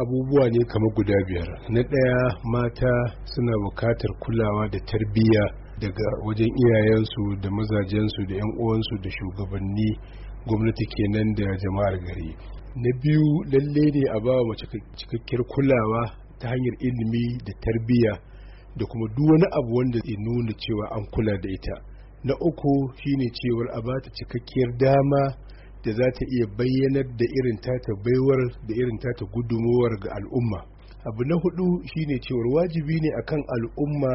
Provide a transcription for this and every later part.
abubuwa ne kamar guda biyar na ɗaya mata suna bukatar kulawa da tarbiyya daga wajen iyayensu da mazajensu da 'yan uwansu da shugabanni gwamnati kenan da jama'ar gari na biyu lalle ne a bawa mace cikakkiyar kulawa ta hanyar ilimi da tarbiyya da kuma duk wani abu wanda zai nuna cewa an kula da ita na uku shine cewar a bata cikakkiyar dama da za ta iya bayyanar da irin tata baiwar da irin tata gudumowar ga al'umma abu na hudu shine cewar wajibi ne akan al'umma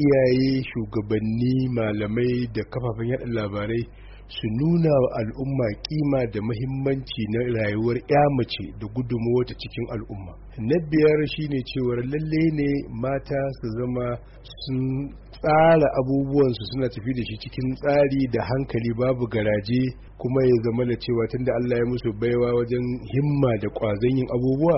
iyaye shugabanni malamai da kafafen yaɗa labarai su nuna wa al'umma kima da mahimmanci na rayuwar ya mace da gudunmuwa ta cikin al'umma na biyar shine cewar lalle ne mata su zama sun tsara abubuwansu suna tafi da shi cikin tsari da hankali babu garaje kuma ya zama da cewa tunda Allah ya musu baiwa wajen himma da ƙwazon yin abubuwa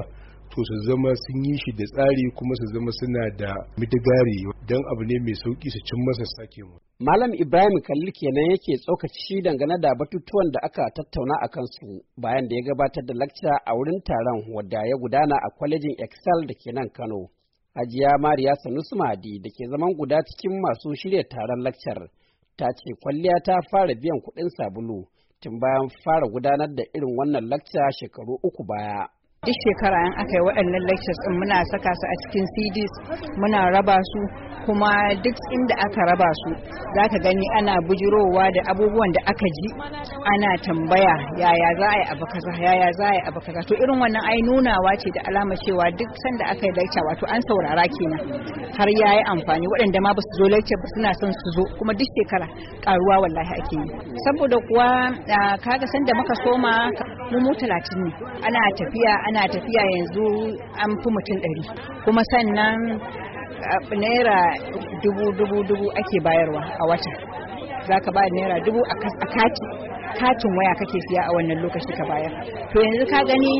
to su zama sun yi shi da tsari kuma su zama suna da midigari don abu ne mai sauki su cin masa sake mu. Malam Ibrahim Kalli kenan yake tsokaci shi dangane da batutuwan da aka tattauna a kansu bayan da ya gabatar da lecture a wurin taron wadda ya gudana a kwalejin Excel da ke nan Kano. Ajiya Mariya Sanusmadi da ke zaman guda cikin masu shirya taron lakcar ta ce kwalliya ta fara biyan kuɗin sabulu tun bayan fara gudanar da irin wannan lakcar shekaru uku baya. duk shekara in aka yi waɗannan lectures din muna saka su a cikin CDs muna raba su kuma duk inda aka raba su za ka gani ana bujirowa da abubuwan da aka ji ana tambaya yaya za a yi abu kaza yaya za a yi abu kaza to irin wannan ai nunawa ce da alama cewa duk sanda aka yi lecture wato an saurara kenan har yayi amfani waɗanda ma ba su zo lecture ba suna son su zo kuma duk shekara karuwa wallahi ake yi saboda kuwa ah, kaga sanda muka soma mu mu talatin ne ana tafiya ana tafiya yanzu an fi mutum ɗari kuma sannan naira dubu dubu dubu ake bayarwa a wata za ka bayar naira dubu a kati katin waya kake siya a wannan lokaci ka bayar to yanzu ka gani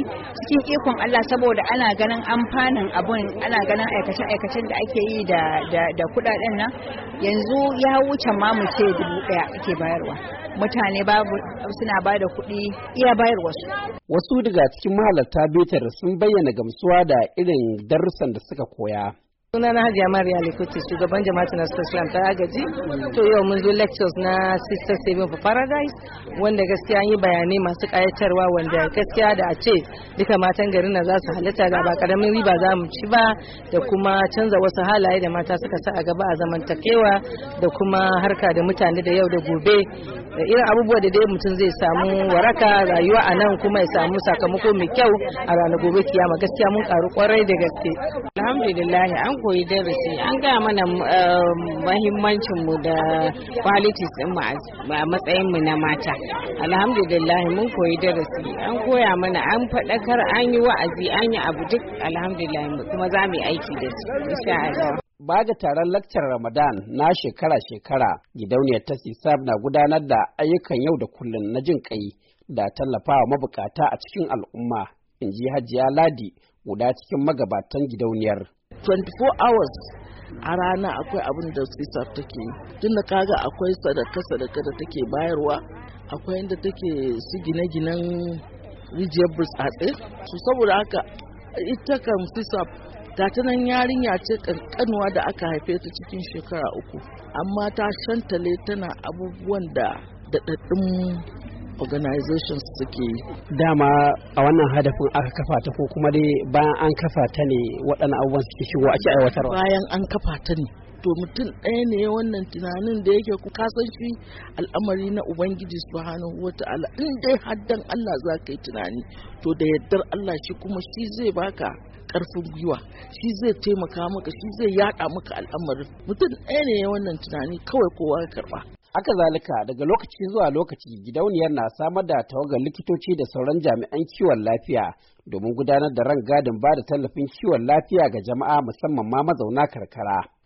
cikin ikon Allah saboda ana ganin amfanin abun ana ganin aikace aikacen da ake yi da da kudaden nan yanzu ya wuce ma mu ce dubu daya ake bayarwa mutane babu suna ba da kuɗi iya bayarwa su wasu daga cikin mahalarta betar sun bayyana gamsuwa da irin darussan da suka koya suna na hajiya mariya likuti shugaban jama'atin na islam ta agaji to yau mun zo lectures na sister saving for paradise wanda gaskiya an yi bayanai masu kayatarwa wanda gaskiya da a ce duka matan garin na za su halatta da ba karamin riba za mu ci ba da kuma canza wasu halaye da mata suka sa a gaba a zamantakewa da kuma harka da mutane da yau da gobe da irin abubuwa da dai mutum zai samu waraka rayuwa a nan kuma ya samu sakamako mai kyau a ranar gobe kiyama gaskiya mun karu kwarai da gaske alhamdulillah an koyi darasi an gaya mana um, mahimmancin mu da qualities din mu a matsayin mu na mata alhamdulillah mun koyi darasi an koya mana an faɗakar an yi wa'azi an yi abu duk alhamdulillah kuma za mu yi aiki da su insha Allah ba ga taron lakcar Ramadan na shekara-shekara gidauniyar ta sisaf na gudanar da ayyukan yau da kullum na jin kai da tallafawa mabukata a cikin al'umma in ji hajiya ladi guda cikin magabatan gidauniyar. 24 hours a rana akwai abin da sisaf take yi tunda kaga akwai sadaka sadaka da take bayarwa akwai inda take su gine-ginen rijiyar burtsatse su saboda haka ita kan sisaf ta nan yarinya ce kankanuwa da aka haife ta cikin shekara uku amma ta shantale tana abubuwan da daɗaɗɗun organizations suke dama a wannan hadafin aka kafa ta ko kuma dai bayan an kafa ta ne waɗannan abubuwan suke shigo ake aiwatarwa bayan an kafa ta ne to mutum ɗaya ne wannan tunanin da yake ku kasan shi al'amari na ubangiji subhanahu wata'ala in dai haddan Allah za ka yi tunani to da yardar Allah shi kuma shi zai baka karfin gwiwa shi zai taimaka maka shi zai yada maka al'amarin mutum ɗaya ne wannan tunani kawai kowa ya karɓa. Aka zalika daga lokaci zuwa lokaci gidauniyar na samar da tawagar likitoci da sauran jami'an kiwon lafiya domin gudanar da rangadin ba da tallafin kiwon lafiya ga jama'a musamman ma mazauna karkara.